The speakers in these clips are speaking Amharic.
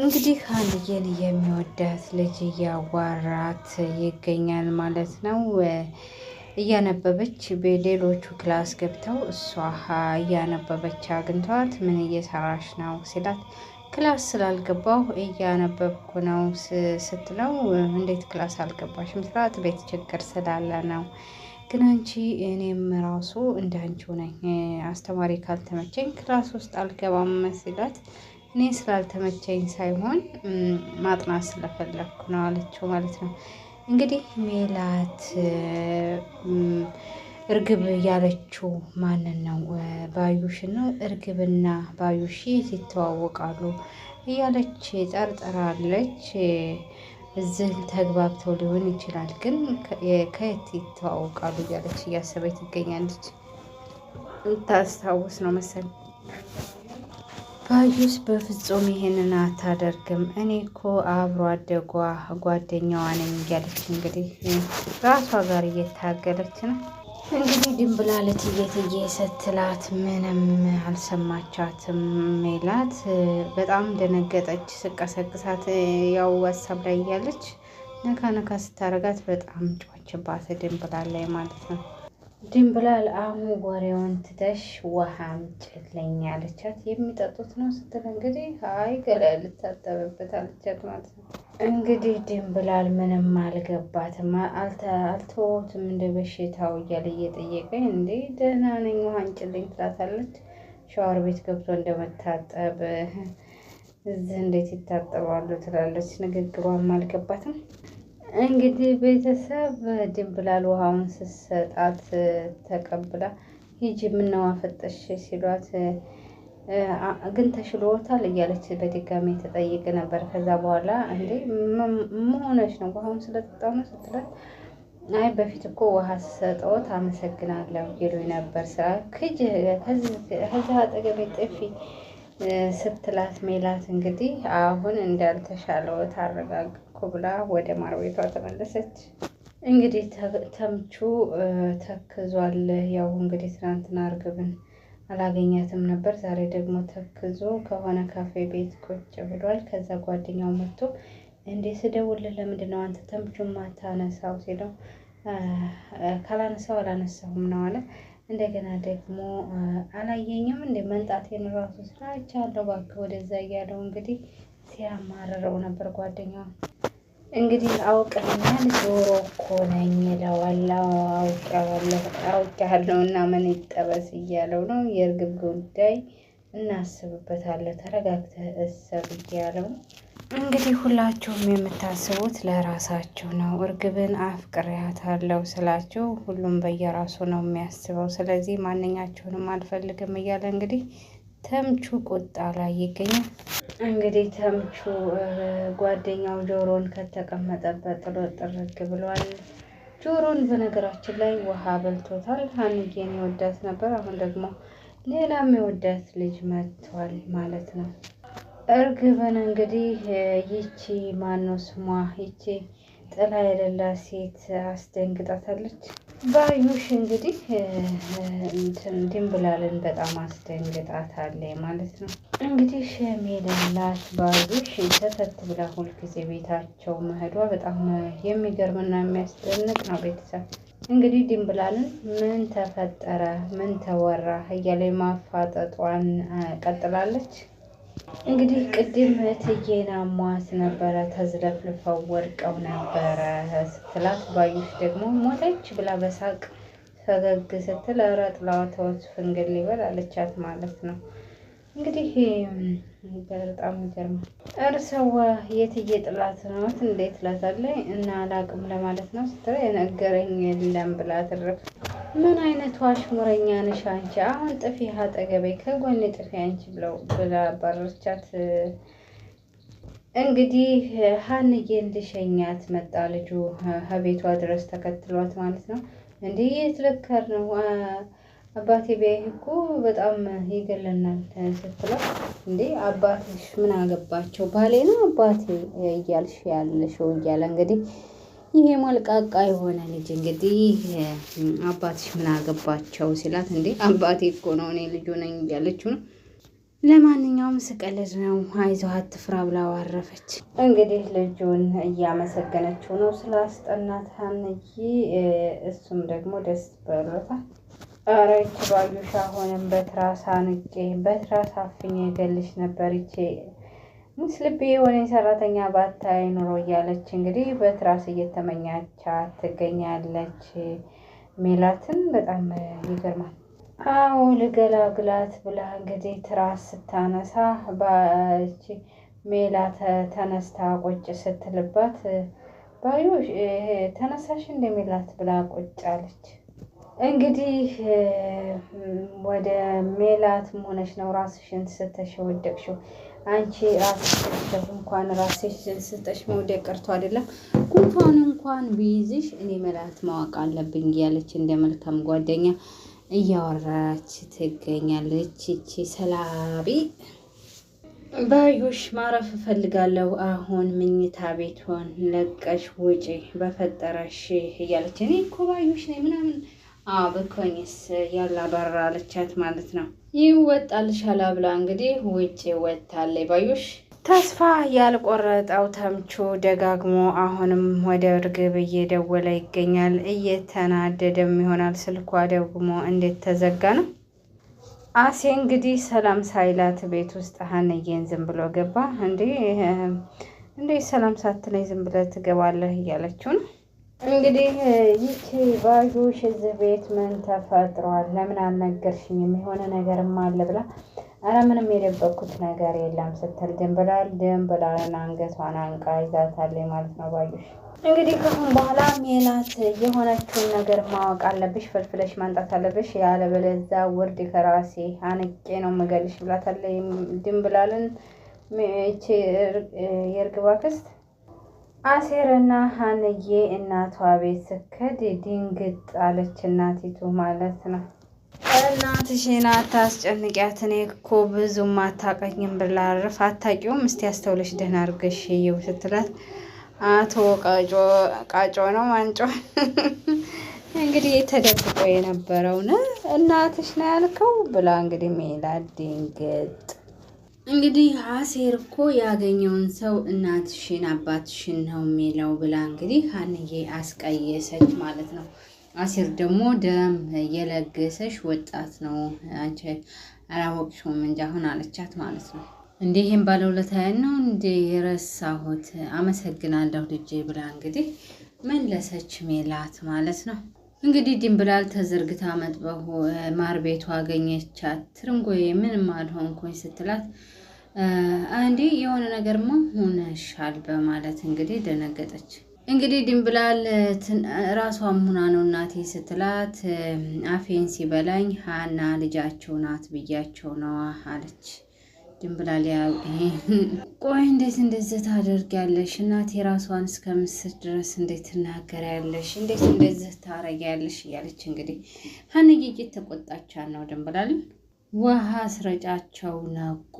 እንግዲህ ሀንዬን የሚወዳት ልጅ እያዋራት ይገኛል ማለት ነው። እያነበበች በሌሎቹ ክላስ ገብተው እሷ እያነበበች አግኝተዋት ምን እየሰራሽ ነው ሲላት ክላስ ስላልገባሁ እያነበብኩ ነው ስትለው እንዴት ክላስ አልገባሽም ስላት ቤት ችግር ስላለ ነው። ግን አንቺ እኔም ራሱ እንደ አንቺው ነኝ አስተማሪ ካልተመቸኝ ክላስ ውስጥ አልገባም ሲላት እኔ ስላልተመቸኝ ሳይሆን ማጥናት ስለፈለግኩ ነው አለችው ማለት ነው። እንግዲህ ሜላት እርግብ ያለችው ማንን ነው? ባዩሽ ነው። እርግብና ባዩሽ ይተዋወቃሉ እያለች አለች እዚህ ተግባብተው ሊሆን ይችላል፣ ግን ከየት ይተዋወቃሉ እያለች እያሰበች ትገኛለች። ታስታውስ ነው መሰለኝ ባዩስ በፍጹም ይሄንን አታደርግም፣ እኔ እኮ አብሮ አደጓ ጓደኛዋ ነኝ እያለች እንግዲህ ራሷ ጋር እየታገለች ነው። እንግዲህ ድንብላለት እየትዬ ስትላት ምንም አልሰማቻትም። ሜላት በጣም ደነገጠች። ስቀሰቅሳት ያው ሀሳብ ላይ እያለች ነካ ነካ ስታረጋት በጣም ጮችባት ድንብላል ማለት ነው። ድንብላል አሁን ጓሬውን ትተሽ ውሃ አምጪልኝ አለቻት። የሚጠጡት ነው ስትል እንግዲህ አይ ገላ ልታጠበበት አለቻት ማለት ነው። እንግዲህ ድንብላል ምንም አልገባትም። አልተወትም እንደ በሽታው እያለ እየጠየቀኝ እንዴ ደህና ነኝ ውሃ አምጪልኝ ትላታለች። ሻወር ቤት ገብቶ እንደመታጠብ እዚህ እንዴት ይታጠባሉ ትላለች። ንግግሯም አልገባትም። እንግዲህ ቤተሰብ ድንብላል ውሃውን ስሰጣት ተቀብላ ሂጂ የምናዋፈጠሽ ሲሏት ግን ተሽሎታል እያለች በድጋሚ ተጠይቅ ነበር። ከዛ በኋላ እንዴ መሆነች ነው ውሃውን ስለጠጣ ነው ስትላት፣ አይ በፊት እኮ ውሃ ስሰጠዎት አመሰግናለሁ ይሉኝ ነበር ስራ ክጅ ከዚህ አጠገቤ ጥፊ ስትላት ሜላት እንግዲህ አሁን እንዳልተሻለዎት አረጋግጥ ብላ ወደ ማር ቤቷ ተመለሰች። እንግዲህ ተምቹ ተክዟል። ያው እንግዲህ ትናንትና እርግብን አላገኛትም ነበር። ዛሬ ደግሞ ተክዞ ከሆነ ካፌ ቤት ቁጭ ብሏል። ከዛ ጓደኛው መጥቶ እንዴ ስደውልህ ለምንድን ነው አንተ ተምቹ ማታነሳው ሲለው ካላነሳው አላነሳሁም ነው አለ። እንደገና ደግሞ አላየኝም እንደ መንጣቴን ራሱ ስራ አይቻለሁ እባክህ ወደዛ እያለው እንግዲህ ሲያማርረው ነበር ጓደኛው። እንግዲህ አውቀኛል ዞሮ እኮ ነኝ እለዋለሁ። አውቄዋለሁ እና ምን ይጠበስ እያለው ነው። የእርግብ ጉዳይ እናስብበታለን፣ ተረጋግተህ እሰብ እያለው እንግዲህ ሁላችሁም የምታስቡት ለራሳችሁ ነው። እርግብን አፍቅሬያታለሁ ስላችሁ ሁሉም በየራሱ ነው የሚያስበው። ስለዚህ ማንኛችሁንም አልፈልግም እያለ እንግዲህ ተምቹ ቁጣ ላይ ይገኛል። እንግዲህ ተምቹ ጓደኛው ጆሮን ከተቀመጠበት ጥሎ ጥርግ ብሏል። ጆሮን በነገራችን ላይ ውሃ በልቶታል። ሀንጌን የወዳት ነበር፣ አሁን ደግሞ ሌላም የወዳት ልጅ መጥቷል ማለት ነው። እርግብን እንግዲህ ይቺ ማኖ ስሟ ይቺ ጥላ የሌላ ሴት አስደንግጣታለች። ባዩሽ እንግዲህ ድንብላልን በጣም አስደንግጣታለች ማለት ነው። እንግዲህ ሜላላት ባዩሽ ተፈት ብላ ሁልጊዜ ቤታቸው መሄዷ በጣም የሚገርምና የሚያስደንቅ ነው። ቤተሰብ እንግዲህ ድንብላልን ምን ተፈጠረ፣ ምን ተወራ እያለ ማፋጠጧን ቀጥላለች። እንግዲህ ቅድም እትዬን አሟት ነበረ ተዝለፍልፈው ወድቀው ነበረ ስትላት፣ ባዩሽ ደግሞ ሞተች ብላ በሳቅ ፈገግ ስትል ኧረ ጥላዋ ተወት ፍንግል ይበል አለቻት ማለት ነው። እንግዲህ በጣም ይገርማል። እርሰዋ የትዬ ጥላት ነዎት እንዴት ላታለኝ እና አላቅም ለማለት ነው ስትለ የነገረኝ የለም ብላ ትርፍ ምን አይነቷ አሽሙረኛ ነሽ አንቺ! አሁን ጥፊ አጠገቤ ከጎን ጥፊ አንቺ ብለው ብላ አባረረቻት። እንግዲህ ሀንዬን ልሸኛት መጣ ልጁ ከቤቷ ድረስ ተከትሏት ማለት ነው። እንዲህ የት ልከር ነው አባቴ ቢያይህ እኮ በጣም ይገለናል ስትለው፣ እንዴ አባትሽ ምን አገባቸው ባሌ ነው አባቴ እያልሽ ያለሽው እያለ እንግዲህ ይሄ ሞልቃቃ የሆነ ልጅ እንግዲህ አባትሽ ምን አገባቸው ሲላት፣ እንዴ አባቴ እኮ ነው እኔ ልጁ ነኝ እያለችው ነው። ለማንኛውም ስቀልድ ነው አይዞህ አትፍራ ብላ አረፈች። እንግዲህ ልጁን እያመሰገነችው ነው ስላስጠናት ሀንዬ፣ እሱም ደግሞ ደስ ብሎታል። ኧረ ይች ባዩሽ አሁንም በትራስ አንቄ በትራስ አፍኜ እገልሽ ነበር ይቼ ምስል ልቤ የሆነ ሰራተኛ ባታይ ኑሮ እያለች እንግዲህ በትራስ እየተመኛቻ ትገኛለች። ሜላትን በጣም ይገርማል። አዎ ልገላግላት ብላ እንግዲህ ትራስ ስታነሳ ባች ሜላት ተነስታ ቁጭ ስትልባት ባዩ ተነሳሽ እንደ ሜላት ብላ ቁጭ አለች። እንግዲህ ወደ ሜላት መሆነች ነው ራስሽን ስተሽ ወደቅሽው አንቺ ራስሽ እንኳን ራስሽ ስጠሽ መውደቅ ቀርቶ አይደለም ጉንፋን እንኳን ቢይዝሽ እኔ መላት ማወቅ አለብኝ እያለች እንደ መልካም ጓደኛ እያወራች ትገኛለች። እቺ ሰላቢ ባዩሽ ማረፍ እፈልጋለሁ፣ አሁን ምኝታ ቤቷን ለቀሽ ውጪ በፈጠረሽ እያለች እኔ እኮ ባዩሽ ነኝ ምናምን ብኮኝስ ያላበራለቻት ማለት ነው። ይወጣልሻላ ብላ እንግዲህ ውጭ ወጥታለች ባዩሽ። ተስፋ ያልቆረጠው ተምቹ ደጋግሞ አሁንም ወደ እርግብ እየደወለ ይገኛል። እየተናደደም ይሆናል። ስልኳ ደግሞ እንዴት ተዘጋ ነው። አሴ እንግዲህ ሰላም ሳይላት ቤት ውስጥ ሀንዬን ዝም ብሎ ገባ። እንዴ እንዴ ሰላም ሳትለኝ ዝም ብለህ ትገባለህ እያለችው ነው እንግዲህ ይቺ ባዩሽ እዚህ ቤት ምን ተፈጥሯል? ለምን አልነገርሽኝም? የሆነ ነገርም አለ ብላ አረ ምንም የደበቅኩት ነገር የለም ስትል ድንብላል ድንብላልን አንገቷን አንቃ ይዛታለች ማለት ነው ባዩሽ። እንግዲህ ከአሁን በኋላ ሜላት የሆነችውን ነገር ማወቅ አለብሽ፣ ፍልፍለሽ ማንጣት አለብሽ፣ ያለበለዚያ ውርድ ከራሴ አንቄ ነው የምገልሽ ብላታለች ድንብላልን ይቺ የእርግባ ክስት አሴርና ሀንዬ እናቷ ቤት ስከድ ድንግጥ አለች። እናቲቱ ማለት ነው። እናትሽን አታስጨንቂያት፣ እኔ እኮ ብዙም አታውቀኝም ብላ አርፍ አታቂውም፣ እስቲ አስተውለሽ ደህና አድርገሽ ይው ስትላት አቶ ቃጮ ነው ማንጮ እንግዲህ ተደብቆ የነበረውን እናትሽ ነው ያልከው ብላ እንግዲህ ሜላት ድንግጥ እንግዲህ አሴር እኮ ያገኘውን ሰው እናትሽን አባትሽን ነው የሚለው ብላ እንግዲህ ሀንዬ አስቀየሰች ማለት ነው። አሴር ደግሞ ደም የለገሰሽ ወጣት ነው አንቺ አላወቅሽውም እንጂ አሁን አለቻት ማለት ነው። እንዲህም ይህም ባለውለታዬን ነው እንዴ የረሳሁት? አመሰግናለሁ ልጄ ብላ እንግዲህ መለሰች ሜላት ማለት ነው። እንግዲህ ድንብላል ተዘርግታ መጥበሁ ማር ቤቱ አገኘቻት። ትርንጎዬ ምንም አልሆንኩኝ ስትላት አንዴ የሆነ ነገርማ ሆነሻል በማለት እንግዲህ ደነገጠች። እንግዲህ ድንብላል ራሷ ሙና ነው እናቴ ስትላት አፌን ሲበላኝ ሀና ልጃቸው ናት ብያቸው ነዋ አለች። ድንብላል ቆይ እንዴት እንደዚህ ታደርጊያለሽ? እናቴ ራሷን እስከምስር ድረስ እንዴት ትናገሪያለሽ? እንዴት እንደዚህ ታረጊያለሽ? እያለች እንግዲህ ሀንዬ ተቆጣቻ ነው ድንብላል ውሃ ስረጫቸው ነቁ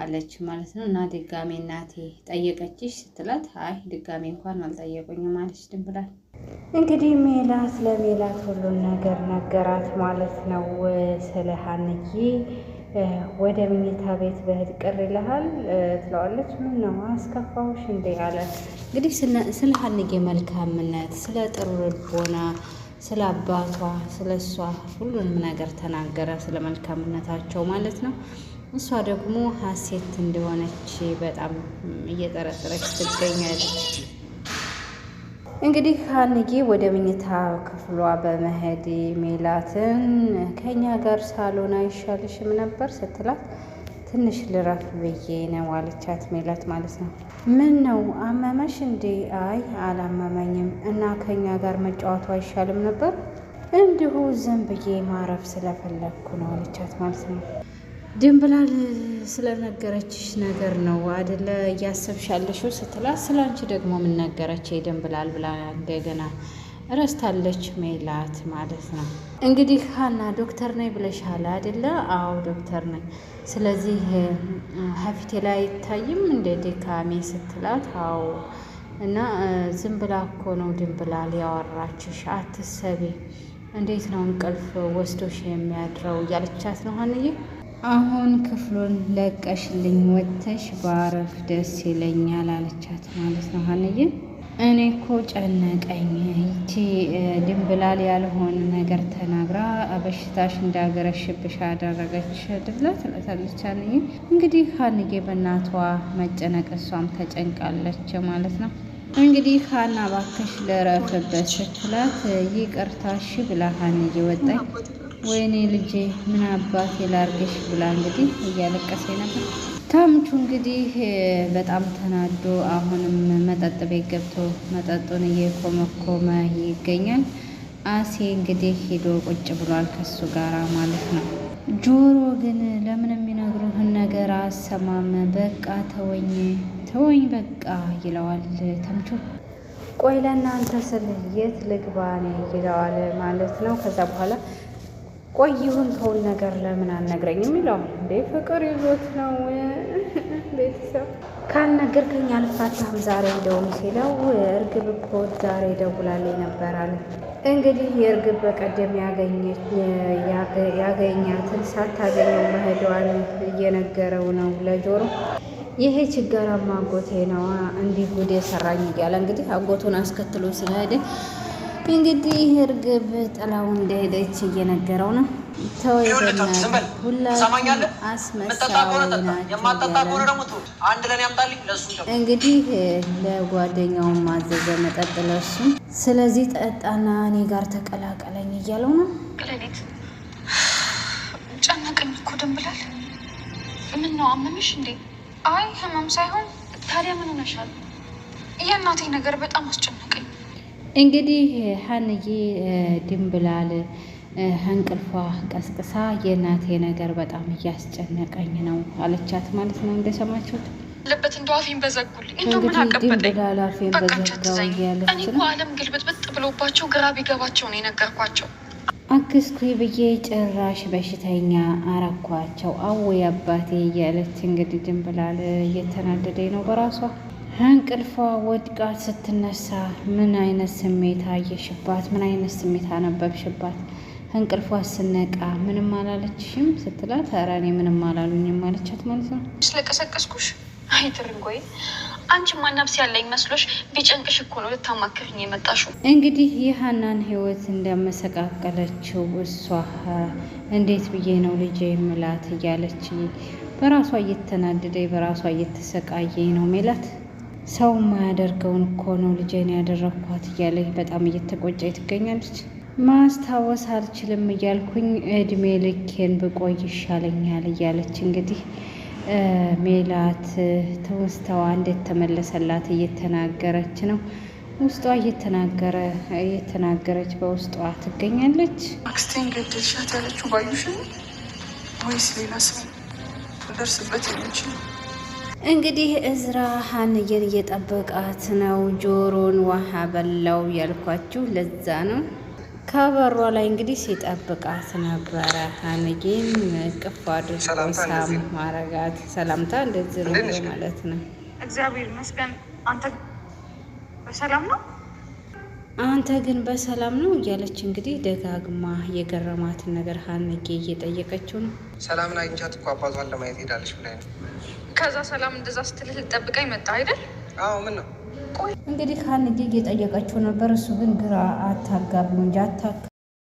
አለች ማለት ነው። እና ድጋሜ እናቴ ጠየቀችሽ ስትላት አይ ድጋሜ እንኳን አልጠየቁኝም አለች ድንብላል። እንግዲህ ሜላት ለሜላት ሁሉን ነገር ነገራት ማለት ነው። ስለ ሀንዬ ወደ ምኝታ ቤት በህድ ቅር ይልሃል ትለዋለች። ምን ነው አስከፋውሽ እንዴ? አለ እንግዲህ ስለ ሀንዬ መልካምነት ስለ ጥሩ ልቦና ስለ አባቷ ስለ እሷ ሁሉንም ነገር ተናገረ፣ ስለ መልካምነታቸው ማለት ነው። እሷ ደግሞ ሀሴት እንደሆነች በጣም እየጠረጠረች ትገኛለች። እንግዲህ ሀንጌ ወደ መኝታ ክፍሏ በመሄድ ሜላትን ከኛ ጋር ሳሎን አይሻልሽም ነበር ስትላት ትንሽ ልረፍ ብዬ ነው አለቻት ሜላት ማለት ነው። ምን ነው አመመሽ እንዴ? አይ አላመመኝም። እና ከኛ ጋር መጫወቱ አይሻልም ነበር? እንዲሁ ዝም ብዬ ማረፍ ስለፈለግኩ ነው አለቻት ማለት ነው። ድንብላል ስለነገረችሽ ነገር ነው አደለ እያሰብሻለሽው ስትላት፣ አንቺ ደግሞ ምን ነገረች ድንብላል ብላ እንደገና ረስታለች ሜላት ማለት ነው። እንግዲህ ሀና ዶክተር ነኝ ብለሻል አይደለ? አዎ ዶክተር ነኝ። ስለዚህ ሀፊቴ ላይ አይታይም እንደ ድካሜ ስትላት፣ አዎ እና ዝም ብላ እኮ ነው ድንብላል ያወራችሽ፣ አትሰቢ። እንዴት ነው እንቅልፍ ወስዶሽ የሚያድረው እያለቻት ነው ሀንዬ። አሁን ክፍሉን ለቀሽልኝ ወጥተሽ ባረፍ ደስ ይለኛል አለቻት ማለት ነው ሀንዬ እኔ እኮ ጨነቀኝ። ይቺ ድንብላል ያልሆነ ነገር ተናግራ በሽታሽ እንዳገረሽብሽ አደረገች ድብላ ትላታለች። አንዬ እንግዲህ ሀንጌ በእናቷ መጨነቅ እሷም ተጨንቃለች ማለት ነው። እንግዲህ ሀና ባከሽ ልረፍበት ስትላት ይቅርታሽ ብላ ሀንጌ ወጣኝ። ወይኔ ልጄ ምን አባቴ ላርግሽ ብላ እንግዲህ እያለቀሰ ነበር ተምቹ እንግዲህ በጣም ተናዶ አሁንም መጠጥ ቤት ገብቶ መጠጡን እየኮመኮመ ይገኛል። አሴ እንግዲህ ሂዶ ቁጭ ብሏል ከሱ ጋር ማለት ነው። ጆሮ ግን ለምን የሚነግሩህን ነገር አሰማም፣ በቃ ተወኝ ተወኝ በቃ ይለዋል ተምቹ። ቆይ ለእናንተ ስል የት ልግባ ይለዋል ማለት ነው። ከዛ በኋላ ቆይ ይሁን ተውን ነገር ለምን አነግረኝ የሚለው እንዴ ፍቅር ይዞት ነው ቤተሰብ ካልነገርከኝ አልፋታም ዛሬ እንደውም ሲለው እርግብ እኮ ዛሬ ደውላልኝ ነበራል። እንግዲህ የእርግብ በቀደም ያገኛትን ሳታገኘው መሄዷን እየነገረው ነው ለጆሮ። ይሄ ችጋራማ አጎቴ ነዋ እንዲህ ጉድ የሰራኝ እያለ እንግዲህ አጎቱን አስከትሎ ስለሄደ እንግዲህ እርግብ ጥላው እንደሄደች እየነገረው ነው። እንግዲህ ለጓደኛው ማዘዘ መጠጥ ለሱ። ስለዚህ ጠጣና እኔ ጋር ተቀላቀለኝ እያለው ነው። ጨነቀኝ እኮ ደም ብላል። ምን ነው አመመሽ እንዴ? አይ ህመም ሳይሆን ታዲያ ምን ሆነሻል? የእናቴ ነገር በጣም አስጨነቀኝ። እንግዲህ ሀንዬ ድንብላል እንቅልፏ ቀስቅሳ የእናቴ ነገር በጣም እያስጨነቀኝ ነው አለቻት ማለት ነው። እንደሰማችሁት ለበት አፌን በዘጉልኝ እኔ ብሎባቸው ግራ ቢገባቸው ነው የነገርኳቸው። አክስኩ ብዬ ጭራሽ በሽተኛ አረኳቸው። አወይ አባቴ እያለች እንግዲህ ድንብላል እየተናደደኝ ነው በራሷ እንቅልፏ ወድቃ ስትነሳ ምን አይነት ስሜት አየሽባት? ምን አይነት ስሜት አነበብሽባት? እንቅልፏ ስነቃ ምንም አላለችሽም ስትላት፣ ኧረ እኔ ምንም አላሉኝም አለቻት ማለት ነው። ስለቀሰቀስኩሽ አይትርም ቆይ አንቺ ማናብስ ያለኝ መስሎሽ ቢጨንቅሽ እኮ ነው ልታማክርኝ የመጣሽው። እንግዲህ የሀናን ህይወት እንደመሰቃቀለችው እሷ እንዴት ብዬ ነው ልጅ የምላት እያለች በራሷ እየተናደደ በራሷ እየተሰቃየ ነው ሜላት ሰው ማያደርገውን እኮ ነው ልጄን ያደረግኳት እያለ በጣም እየተቆጫ ትገኛለች። ማስታወስ አልችልም እያልኩኝ እድሜ ልኬን ብቆይ ይሻለኛል እያለች እንግዲህ ሜላት ትውስተዋ እንዴት ተመለሰላት እየተናገረች ነው። ውስጧ እየተናገረ እየተናገረች በውስጧ ትገኛለች። አክስቴን ገደልሻት ያለችው ባዩሽ ወይስ ሌላ ሰው ደርስበት የሚችል እንግዲህ እዝራ ሀንየን እየጠበቃት ነው። ጆሮን ውሃ በላው ያልኳችሁ ለዛ ነው። ከበሯ ላይ እንግዲህ ሲጠብቃት ነበረ። ሀንዬም ቅፍ አድርጎ ሳም ማረጋት። ሰላምታ እንደዚህ ነው ማለት ነው። እግዚአብሔር አንተ በሰላም ነው አንተ ግን በሰላም ነው እያለች እንግዲህ ደጋግማ የገረማትን ነገር ሀንዬ እየጠየቀችው ነው። ሰላምን አግኝቻት እኮ አባቷን ለማየት ሄዳለች ብላ ነው ከዛ ሰላም እንደዛ ስትልህ ልጠብቀኝ መጣ አይደል? አዎ። ምን ነው እንግዲህ ከአንድ ከአንዴ እየጠየቀችው ነበር። እሱ ግን ግራ አታጋብሉ እንጂ አታ